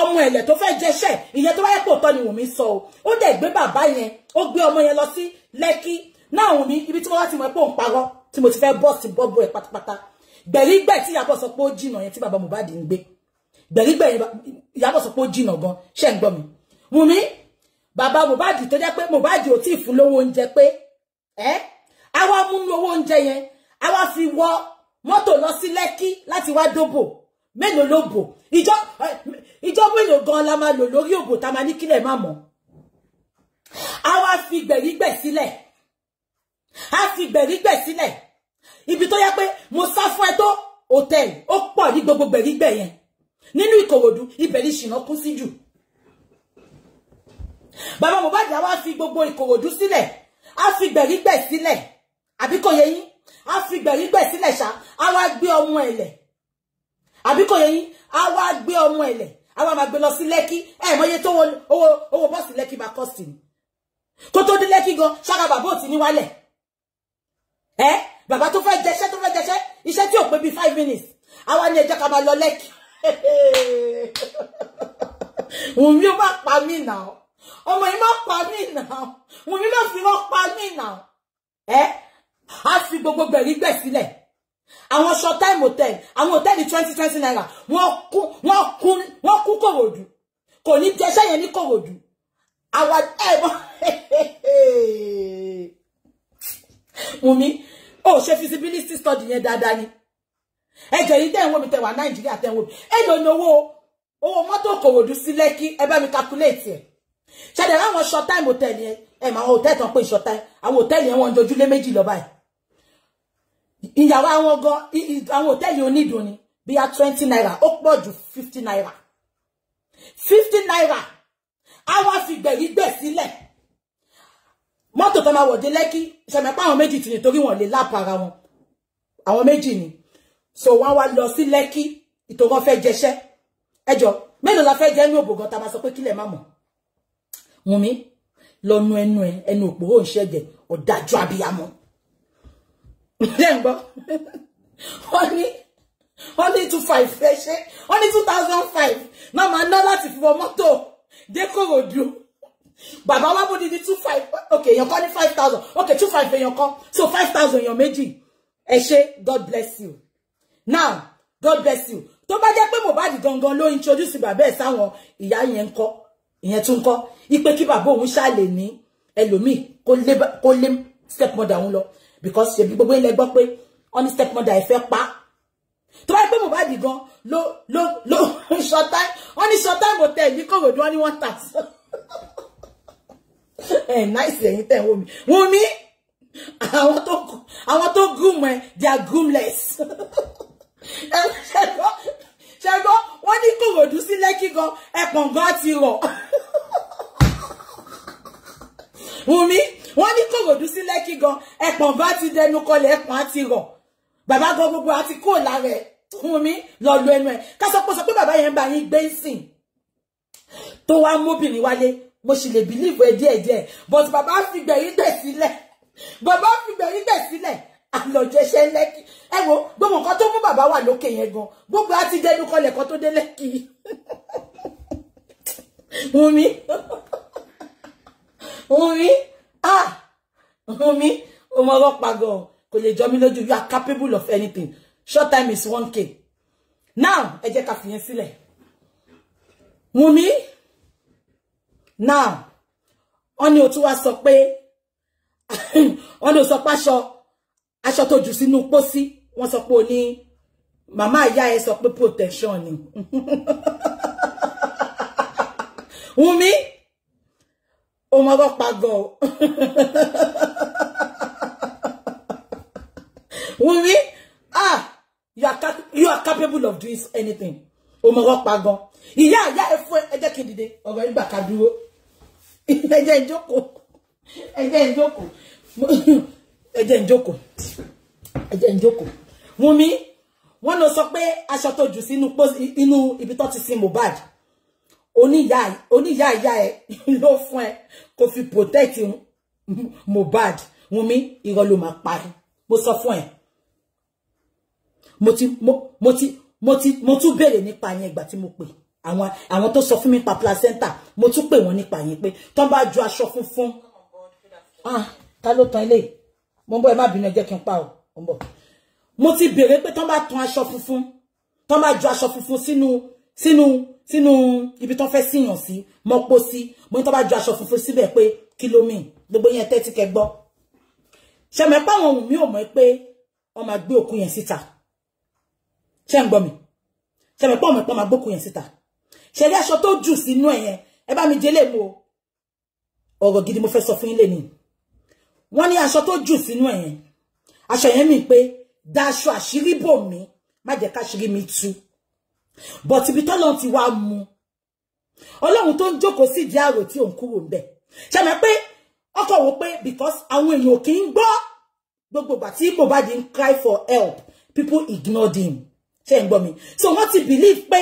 ọmọ ẹ̀lẹ̀ tó fẹ́ jẹṣẹ́ ìyẹn tó wáyé pò tọ́ ni Wùnmí sọ o ó dẹ̀ gbé bàbá yẹn ó gbé ọmọ yẹn lọ sí Lẹ́kì náà Wùnmí ibi tí wọ́n wá ti mọ̀ pé òun parọ́ tí mo ti fẹ́ bọ́ sí bọ́bọ́ ẹ̀ pátápátá gbẹ̀rígbẹ̀ tí Ìyábọ̀ sọ pé ó jìnà yẹn tí bàbá Mohbad ń gbé gbẹ̀rígbẹ̀ Ìyábọ̀ sọ pé ó jìnà gan ṣẹ́ ń gbọ́ mi Wùnmí bàbá Mohbad tó jẹ́ pé Mohbad ò tí ì fún lówó oúnjẹ pé ẹ́ àwa mú owó oúnjẹ yẹn àwa fi wọ mọ́tò lọ sí Lẹ́kì láti wá dóbò mélòó ló bò ìjọ ìjọ mélòó gan la máa lò lórí òbò tá a máa ní kílẹ̀ má mọ́ a wá fi gbẹ̀rígbẹ̀ sílẹ̀ a fi gbẹ̀rígbẹ̀ sílẹ̀ ibi tó yẹ pé mo sá fún ẹ tó hòtẹ́ẹ̀lì ó pọ̀ ní gbogbo gbẹ̀rígbẹ̀ yẹn nínú Ìkòròdú ibẹ̀ ni ṣìnà kún sí jù bàbá Mohbad á wá fi gbogbo Ìkòròdú sílẹ̀ a fi gbẹ̀rígbẹ̀ sílẹ̀ àbí kò yẹ yín a fi gbẹ̀rígbẹ̀ sílẹ̀ ṣá a wá gbé ọmọ ẹ̀lẹ̀ àbí kò yẹ yín á wá gbé ọmọ ẹ̀lẹ̀ á wá máa gbé lọ sí lẹ́kí ẹ̀ mọye tó owó owó bọ́ọ̀sì lẹ́kí máa kọ́sì ni kó tó dé lẹ́kí gan ṣáka bàbá ò ti ní wálẹ̀ ẹ bàbá tó fẹ́ jẹṣẹ́ tó fẹ́ jẹṣẹ́ iṣẹ́ tí ò pé bíi five minutes àwa ni ẹ̀jẹ̀ ká máa lọ lẹ́kí wùmí ó má pa mí nà ọ́ ọmọ yìí má pa mí nà ọ́ wùmí má fi wọ́n pa mí nà ọ́ ẹ á fi gbogbo gbẹ̀rí gbẹ̀ sílẹ̀ àwọn short time hotel àwọn hòtẹ́ẹ̀lì twenty twenty naira wọ́n kú wọ́n kú wọ́n kú kòròdú kò ní jẹ́ṣẹ́ yẹn ní kòròdú àwa ẹ̀bọ̀n Wùmí o ṣe feasibility study yẹn dáadáa ni ẹjọ yìí tẹ̀wọ́ mi tẹ̀wà Nàìjíríà tẹ̀wọ́ mi èlò ni owó owó mọ́tò kòròdú sí Lẹ́kí ẹ bá mi calculate ẹ̀ ṣẹ̀dẹ̀ láwọn short time hotel yẹn ẹ̀ mà àwọn hòtẹ́ẹ̀lì tán pé short time àwọn hòtẹ́ẹ̀lì yẹn wọ́n ń jojú lé méjì lọ báyìí ìyàwó àwọn gan àwọn hòtẹ́ẹ̀lì onídùn ni bí a twenty naira ó pọ̀ ju fifty naira fifty naira á wá fi gbẹ̀rí gbẹ̀ sílẹ̀ mọ́tò tó máa wọ̀dé lẹ́kí ṣẹ̀mẹ̀pá àwọn méjì tì nítorí wọn lè lápá ara wọn àwọn méjì ni so wọ́n wá lọ sí lẹ́kí ìtò wọn fẹ́ jẹṣẹ́ ẹjọ́ mélòó la fẹ́ jẹ́ ní òbògàn tá a máa sọ pé kílẹ̀ má mọ̀ Wùnmí lọ nu ẹnu ẹ ẹnu òpòwò ń ṣẹ̀jẹ̀ ọ̀dájú abiyamọ ṣe ń wọ́n ní wọ́n ní two five ẹ ṣe wọ́n ní two thousand five náà máa ná láti fi wọ mọ́tò dé Kòròdú bàbá wa bó di di two five ok èèyàn kan ní five thousand ok two five èèyàn kan so five thousand èèyàn méjì ẹ ṣe God bless you now God bless you tó bá jẹ́ pé Mohbad gangan ló introduce bàbá ẹ̀ sáwọn ìyá yẹn ń kọ́ ìyẹn tún kọ́ ipe kí bàbá òun ṣàlè ní ẹlòmíì kó lé stepmother òun lọ because ṣe bí gbogbo ilẹ̀ gbọ́ pé wọ́n ní stepmother ẹ̀ fẹ́ pa tó bá yẹ pé Mohbad gan ló ló ló short time Only short time hotel you come wọ́n ní one thousand ẹ̀ náìsì ẹ̀yìn tẹ̀ wọ́n mi wọ́n mi àwọn tó want tó groom ẹ̀ they are groomless eh, ṣẹ́gbọ́ ṣẹ́gbọ́ wọ́n ní Kòròdú sí Lẹ́kì gan ẹ̀pọ̀n gan ti rọ̀ wọ́n mi wọ́n ní Kòròdú sí Lẹ́kì gan ẹ̀pọ̀n bá ti dẹnu kọlẹ̀ ẹ̀pọ̀n á ti rọ̀ bàbá gan gbogbo ati ti kúrò lára ẹ̀ fún mi lọ lu ẹnu ẹ̀ ká sọ pé sọ pé bàbá yẹn ń bá yín gbé ń tó wá móbìnrin wálé mo sì lè bìlíìfù ẹ díẹ̀díẹ̀ but bàbá fi gbẹ̀yìn gbẹ̀ sílẹ̀ bàbá fi gbẹ̀yìn gbẹ̀ sílẹ̀ àlọ́jẹsẹ́ lẹ́kì ẹ wo gbogbo nǹkan tó mú bàbá wà lókè yẹn gan gbogbo á ti dẹnu kọlẹ̀ kan tó dé lẹ́kì wùmí wùmí ah omi ọmọ ọlọ́pàá gan kò lè jọ mí lójú you are capable of anything short time is one k now ẹ jẹ́ ká fìyẹn sílẹ̀ Wunmi now wọ́n ní o tún wá sọ pé wọ́n ní o sọ pé aṣọ aṣọ tó jù sínú pósí wọ́n sọ ní màmá ìyá ẹ sọ protection ni Wunmi ó máa bá pa gan Wumi ah you are you are capable of doing anything ó máa bá pa gan ìyá ìyá ẹ fún ẹ jẹ́ kí n dìde ọ̀rọ̀ ẹ gbà ká dúró ẹ jẹ́ n jókòó ẹ jẹ́ n jókòó ẹ jẹ́ n jókòó ẹ jẹ́ n Wumi wọ́n lọ sọ pé aṣọ tó jù sínú ibi tó ti sin Mohbad. Oni oníyá oníyá ìyá ẹ ló fún ẹ kó fi protect Mohbad Wunmi irọ́ ló máa parí mo sọ fún ẹ mo ti mo ti mo ti mo tún béèrè nípa yẹn ìgbà tí mo pè àwọn àwọn tó sọ fún mi pa placenta mo tún pè wọn nípa yẹn pé tán bá ju aṣọ funfun ah ta ló tan eléyìí mo ń bọ̀ ẹ má bínú jẹ́ kí pa ọ mo ń bọ̀ mo ti béèrè pé tán bá tan aṣọ funfun tán bá ju aṣọ funfun sínú sínú sínú ibi tán fẹ́ síyàn sí mọ́pó sí mo ní tó bá ju aṣọ funfun síbẹ̀ pé kí ló mì gbogbo yẹn tẹ́tí kẹ gbọ́ ṣẹ̀mẹ̀ páwọn ohun mi ò mọ̀ pé wọ́n máa gbé òkú yẹn síta ṣẹ́ ń gbọ́ mi ṣẹ̀mẹ̀ páwọn ọmọ máa gbókú yẹn síta ṣẹ̀rí aṣọ tó jù sínú ẹ̀yẹn ẹ bá mi délé mu o ọ̀rọ̀ gidi mo fẹ́ sọ fún yín lẹ́nu wọ́n ní aṣọ tó jù sínú ẹ̀yẹn aṣọ yẹn mi pé daṣọ àṣírí bò mí má jẹ́ káṣírí mi tú but ibi tọ́lọ́run ti wá mú ọlọ́run tó ń jókòó sí ìdí àrò tí òun kúrò ń bẹ̀ ṣe mọ̀ pé ọkọ̀ wò pé because àwọn èèyàn ò kì í gbọ́ gbogbo ìgbà tí Mohbad ń cry for help people ignored him ṣe ń gbọ́ mi so wọ́n ti believe pé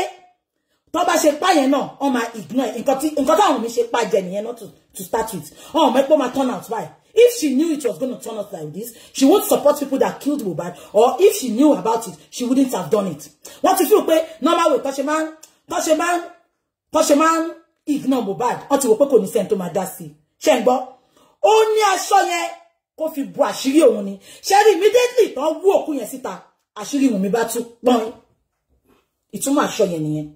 tó bá ṣe pa yẹn náà wọ́n máa ignore nǹkan táwọn mi ṣe pa jẹ nìyẹn náà to start with ọ̀hún mẹ́pọ̀ máa turn out báyìí If she knew it was going to turn out like this, she would support people that killed Mubad. Or if she knew about it, she wouldn't have done it. What if you pay normal way, touch a man, touch a man, ti wò pé kò ní sẹ́ni madasi. máa dá sí i. Ṣé ń gbọ́? Ó bo immediately tán wú òkú yẹn síta? Àṣírí Wùnmí bá tún pọ́n. Ìtumọ̀ aṣọ yẹn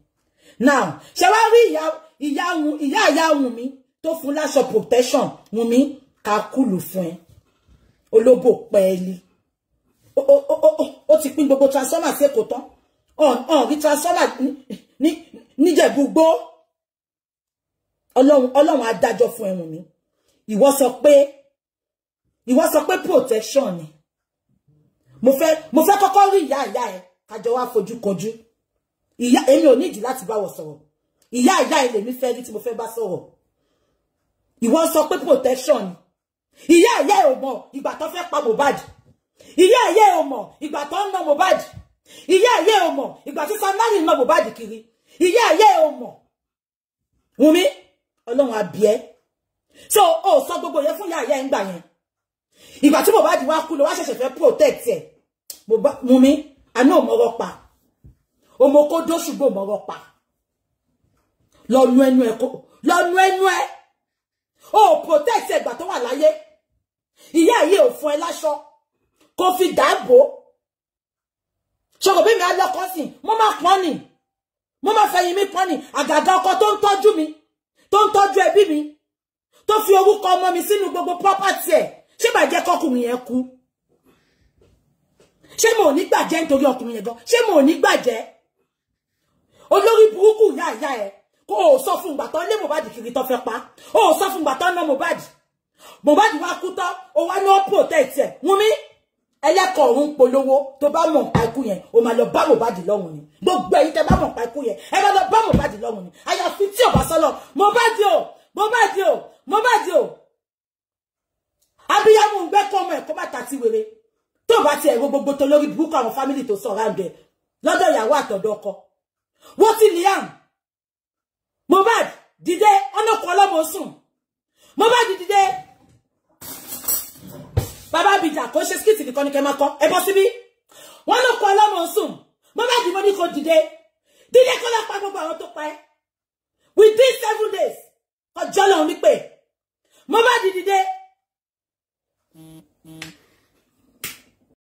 Now, shari wá rí ìyá ìyá ìyá Wùnmí tó fún láṣọ protection Wùnmí? ká kúlù fún ẹ olóbò pẹ́ẹ́lí ó ti pín gbogbo transformer sí èkó tán ọ̀n rí transformer níjẹ̀bú gbó ọlọ́run adájọ́ fún ẹ̀wọ̀n mi ìwọ sọ pé ìwọ sọ pé protection ni mo fẹ́ mo fẹ́ kọ́kọ́ rí ìyá ìyá ẹ kájọ wá fojú kojú ìyá èmi ò nídìí láti bá wọ sọ̀rọ̀ ìyá ìyá ẹ lèmi fẹ́ rí tí mo fẹ́ bá sọ̀rọ̀ ìwọ sọ pé protection ni ìyá ìyá ẹ̀ ò mọ̀ ìgbà tó fẹ́ pa Mohbad ìyá ìyá ẹ̀ ò mọ̀ ìgbà tó ń ná Mohbad ìyá ìyá ẹ̀ ò mọ̀ ìgbà tí Samari ná Mohbad kiri ìyá ìyá ẹ̀ ò mọ̀ Wùnmí ọlọ́run àbíẹ́ so o sọ gbogbo yẹn fún ìyá ìyá ẹ̀ gbà yẹn ìgbà tí Mohbad wá kú lọ wá ṣẹ̀ṣẹ̀ fẹ́ protect ẹ̀ Wùnmí àná ò mọ̀rọ̀ pa ọmọ kó dó ṣùgbọ́n mọ̀rọ̀ pa lọ́nu ẹnu ẹ̀ kó lọ́nu ẹnu ẹ̀ o protect ẹ̀gbà tó wà láyé ìyá ayé ò fún ẹ kò fi dàbò ṣọkọ bí mi á lọkọ sí mo máa pọn ni mo máa fẹ̀yìn mi pọn ni àgàgà ọkọ tó ń tọ́jú mi tó ń tọ́jú ẹbí mi tó fi orúkọ ọmọ mi sínú gbogbo property ẹ̀ ṣé bàjẹ́ kọkùnrin yẹn kú ṣé mo ò ní gbàjẹ́ nítorí ọkùnrin yẹn gan ṣé mo ò ní gbàjẹ́ olórí burúkú ìyá ìyá ẹ kó o sọ gan se mo ni ìgbà ya e ko o so lé Mohbad kiri tó fẹ́ pa o sọ fún ìgbà tán ná Mohbad Mohbad wá kú tán ó wá ní ó protect ẹ̀ e. Wunmi ẹlẹ́kọ̀ ọ̀run polówó tó bá mọ̀ nípa ikú yẹn o máa lọ bá Mohbad lọ́hùn ni gbogbo èyí tẹ bá mọ̀ nípa ikú yẹn ẹ máa lọ bá Mohbad lọ́hùn ni àyàfi tí ò bá sọ́lọ̀ Mohbad o Mohbad o Mohbad o abiyamọ ń gbẹ́ kọ́ ọmọ ẹ̀kọ́ bàtà ti wèrè tó bá ti ẹ̀rọ gbogbo tó lórí burúkú àwọn fámìlì tó sọ̀rọ̀ àgbẹ̀ lọ́dọ̀ ìyàwó àtọ̀dọ̀ ọkọ wọ́n ti Liam Mohbad dìde ọlọ́kọ̀ ọlọ́mọ sùn Mohbad dìde bàbá bìjà kò ṣe skit nìkan ni kẹ máa kọ ẹ bọ́ síbí wọ́n ló kọ ọlọ́mọ sùn mọ́mọ́ ìdìbò ní kò dìde dídé kó lọ pa gbogbo àwọn tó pa ẹ́ within seven days ọjọ́ lọ́hún ní pé mọ́mọ́ ìdìde